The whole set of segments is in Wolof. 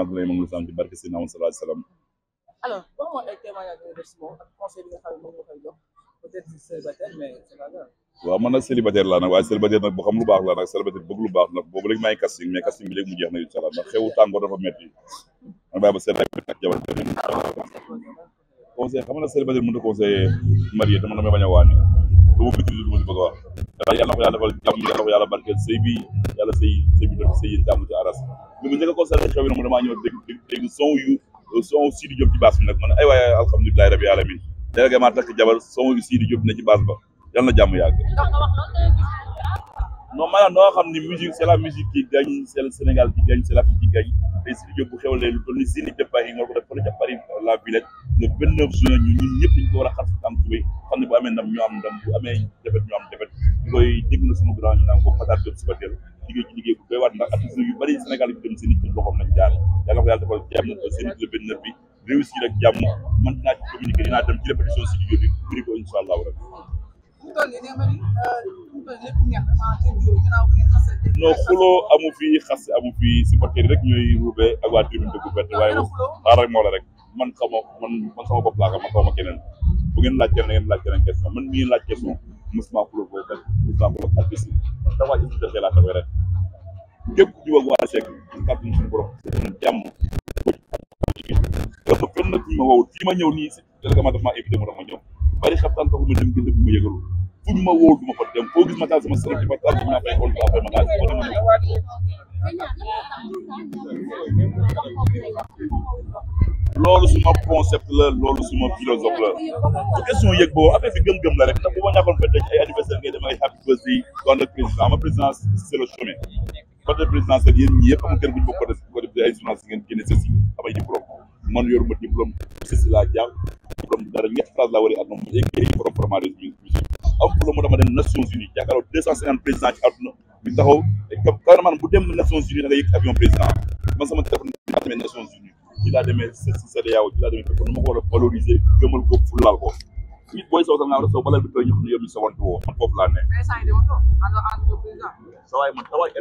Magdalene moom la sant ci barke Seydina Muhammad sallallahu alayhi wa sallam. alors boo amoon ay témoignages de remerciement ak conseil bi nga xam ne moom nga koy jox peut-être célibataire mais c'est pas grave. waaw man a célibataire laa nag waaye célibataire nag boo xam lu baax la nag célibataire lu baax nag boobu léegi maa casting mais casting bi léegi mu na incha allah ndax xewu tàngoor dafa métti man conseil xam nga nag célibataire mënut a conseiller marié dama damay bañ a waani dama bëgg lu ma si bëgg a wax yàlla na ko yàlla defal jàmm yàlla na ko yàlla barkeel sëy bi yàlla sëy sëy bi def sëy yi jàmm ci aras li ma a constaté bi nag man ay waaye alhamdulilahi rabbi alamin léeg maa takk jabar son yu Sidi Diop ne ci baas ba yàlla jàmm yàgg non maanaam noo xam ne musique c'est la musique qui gagne c'est le Sénégal qui gagne c'est l'Afrique qui tey Sidy Diop bu xewlee lu toll ni Zénith de Paris moo ko def fële ca Paris la Villette le 29 juin ñu ñun ñëpp ñu ko war a xar am tubéy xam ne bu amee ndam ñu am ndam bu amee defet ñu am defet ñu koy dégg na grand ñu naan ko Matar Diop suba teel liggéey liggéey bu doy waat ndax artiste yu bëri Sénégal bi dem Zénith ci loxoom nañ jaar yàlla ko yàlla defal jàmm Zénith le 29 bi réussir ak jàmm mën naa ci communiquer dinaa dem ci répétition Sidy Diop bi bëri ko Euh, non xuloo amu fi xas amu fi supporter rek ñooy ruube ak waa tribune de Diourbel waaye xaar rek moo man xaw man man sama bopp laa ko man ma keneen bu ngeen laaj keneen ngeen laaj keneen question man mi ngeen laaj question mosuma xuloo booy fekk mosuma xuloo ak bis dawaa ñu defee laa tawee ren képp di wax waa Cheikh kàddu suñu borom jàmm dafa kenn nag ñu ma wowul fii ma ñëw nii si délégament daf maa évité moo tax ma ñëw bari xam taan taxu ma dem gënd bu ma yëgalul kuñ ma woo du ma fa dem foo gis ma taal sama sërëg di fa taal sama fay xool la loolu suma philosophe la su question yëg boobu affaire bi gëm-gëm la rek ndax bu ma ñàkkoon fête ay anniversaire ngay dem ay happy birthday doon na président ama présidence c'est le chemin côté présidentiel yéen ñi yëpp amul kenn buñu bokk ko def ay journalistes ngeen génne ceci amay diplôme man yoruma diplôme ceci laa jàng diplôme dara ñett phrase laa war a at moom écrit borom am pour mu dama dem Nations Unies jàkkaarloo deux cent cinquante président ci àdduna ñu taxaw kaw maanaam bu dem Nations Unies da yëg avion président man sama téléphone laa demee Nations Unies ci laa demee CEDEAO ci laa demee kon nu ma ko war a valoriser ko fulaal ko nit booy sow sax naa war a sow balaa bi tooy ñëpp ñu yëpp ñu sawante man foofu laa ne sa waay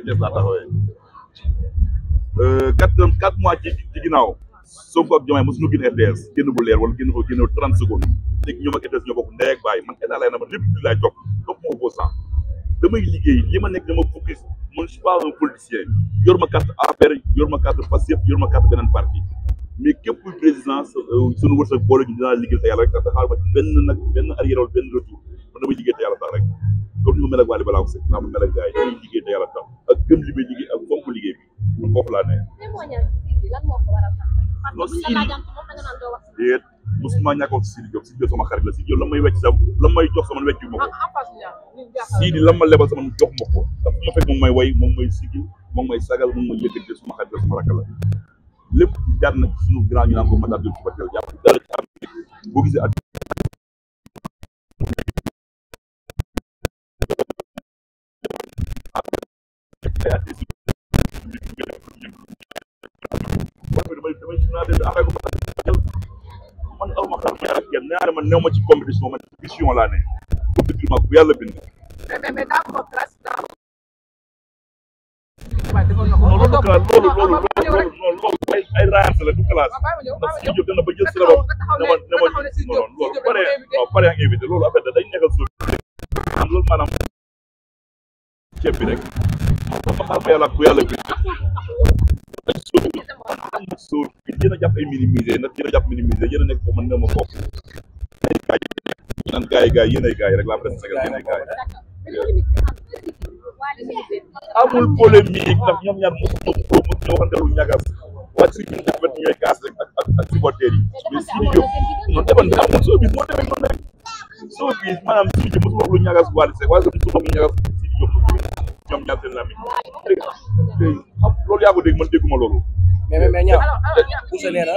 euh, mois ci ci ginnaaw Sonko ak Diomaye mosuñu génn RTS génn bu leer wala génn ko génn trente secondes léegi ñoom ak RTS ñoo bokk ndey ak baay man état na ma lépp di laay topp topp ma nekk dama focus man je suis politicien yor ma carte APR yor ma carte Pastef yor ma carte beneen parti mais képp kuy président euh, suñu wërsëg boole ñu dinaa liggéey te yàlla rek te xaaral ma benn nag benn arrière wala benn retour man damay liggéey te yàlla tax rek comme ni ma mel ak Waly Ballago Seck ma mel loolu si déet musuma ñàkk wax Sidi Diop Sidi Diop sama xarit la Sidi Diop la may wecc sa la may jox sama wecc ma ah, ko ah, Sidi la lebal sama jox ma ko moom may way moom may sigil moom may sagal moom may yëkkati sama xarit la sama rakk la lépp jaar na suñu grand ñu naan ko Matar Diop Soubatel jàpp dara ci am boo gisee ak xamante ne affaire boobu man aw ma xam ne ak kenn nee naa man ma ci compétition loolu ay ay raayante la du classe ndax su ba jël si la bopp ne ma ne noonu loolu pare pare ak invité loolu affaire da dañ nekkal suuf am loolu maanaam ceeb bi rek ma xam yàlla ku yàlla bind. suuf amul suuf yéen a jàpp ay minimiser nag yéen a jàpp minimiser yéen a nekk foofu mën na ma foofu naan gars yi gars yi yéen ay gars yi rek la presse sénégal yéen ay gars yi amul polémique ndax ñoom ñaar mosu ma ko mos ñoo waxanteelu ñagas waaye si ñun tamit ñooy kaas rek ak ak ak supporters yi mais si ñu non defoon bi amul soo bis moo demee noonu rek soo bis maanaam si ñu mosu wax lu ñagas Wally Seck waaye mosu wax lu ñagas si ñu ñoom ñaar seen lami loolu yaa ko dégg dégguma loolu. mais mais ñaaw Boucher nee na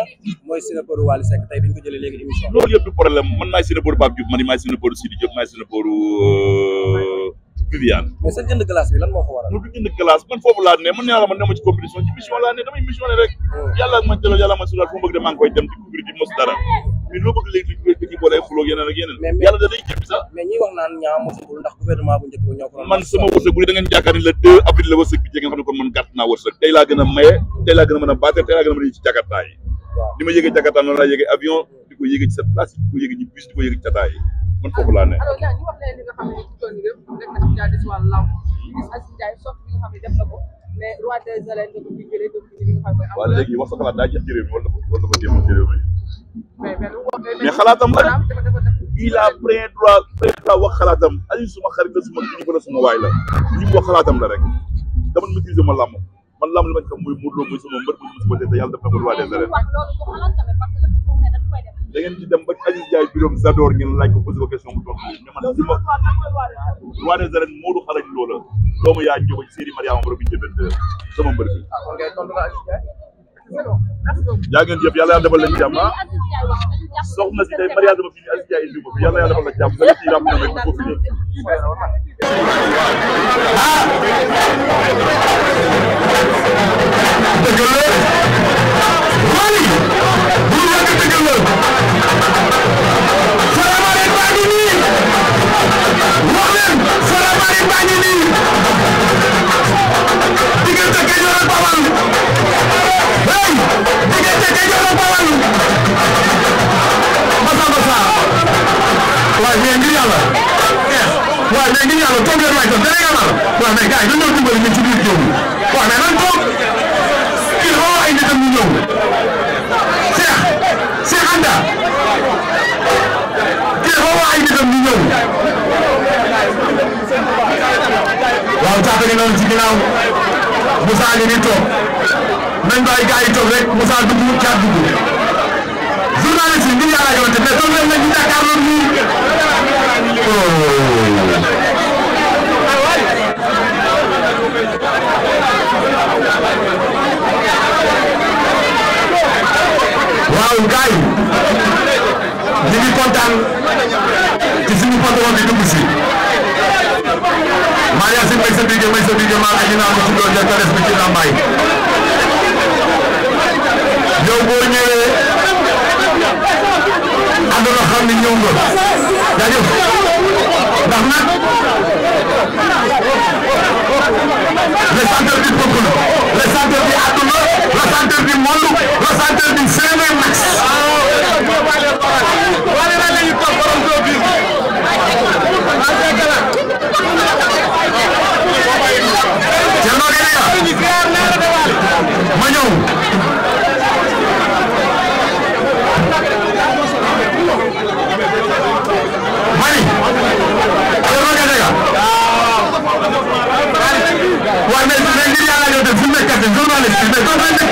mooy Sinapooru Wally Seck tey bi ñu léegi émission loolu yëpp du problème man maay Sinapooru Pape Diouf man maay Sinapooru Sidi Diop maay Sinapooru euh, Viviane. mais sa jënd glace bi lan moo ko waral. du jënd glace man foofu laa ne man nee naa la man ne ci compétition ci mission laa ne damay mission rek. Hmm. yàlla ma jëloon yàlla ma sural dara. mais loo bëgg léegi di di boole ay xuloo da lay jëpp sax. mais ñi wax naan ñaa mosagul ndax gouvernement ko. man sama wërsëg bu dee da ngeen yaakaar ni le 2 avril la wërsëg bi jege nga xam ne kon man gàtt naa wërsëg. a maye tey laa gën a mën a a a ma yëgee jakartaa noonu laa yëgee avion di ko yëgee ci sa place di ko yëgee ci bus di man foofu laa da ko fi da ko fi wax sa xalaat daa jeex ci réew mi wala wala ko mais xalaatam la il a plein droit plein droit wax xalaatam Aliou suma xarit la suma kilifa la suma waay la li mu wax xalaatam la rek dama maîtriser ma làmm man làmm li ma xam muy Modou Lo muy sama mbër muy sama te yàlla def na ko roi des arènes da ngeen ci dem ba Aziz Ndiaye biroom Zador ngeen laaj ko posé ko question bu tontu mais man li ma roi des arènes Modou xarañ loola doomu yaa njóba Serigne Mariama Borom bi njëbante sama mbër bi ah, yaa ngeen jëf yàlla yàlla defal leen jàmm ah. soxna si tey mariage ma fi ñu Aziz Ndiaye indi ko fi yàlla yàlla defal la jàmm nga ci ràmm rek ko fi dëgg waaye mais ngir yàlla waaye mais ngir yàlla toog leen waay toog danañ amal waaye mais gars yi dañoo dimbali ñu ci biir géew bi waaye mais nan toog kii xaw ay nitam ñu ñëw Cheikh Cheikh Anta kii xaw ay nitam ñu ñëw waaw caata gi noonu ci ginnaaw Moussa ngi nii toog nañ bàyyi gars yi toog rek Moussa dugg caat dugg journaliste yi ngir yàlla yoonte mais toog leen nañ ñu jàkkaarloo nii sa biir may sa biir maa aji naa ko ci loolu jàkka respecté naa mbaay yow boo ñëwee ànd na xam ni ñëw nga jaajëf ndax nag le centre du peuple le centre du àdduna le centre du monde le centre du Sénégal max Thank you.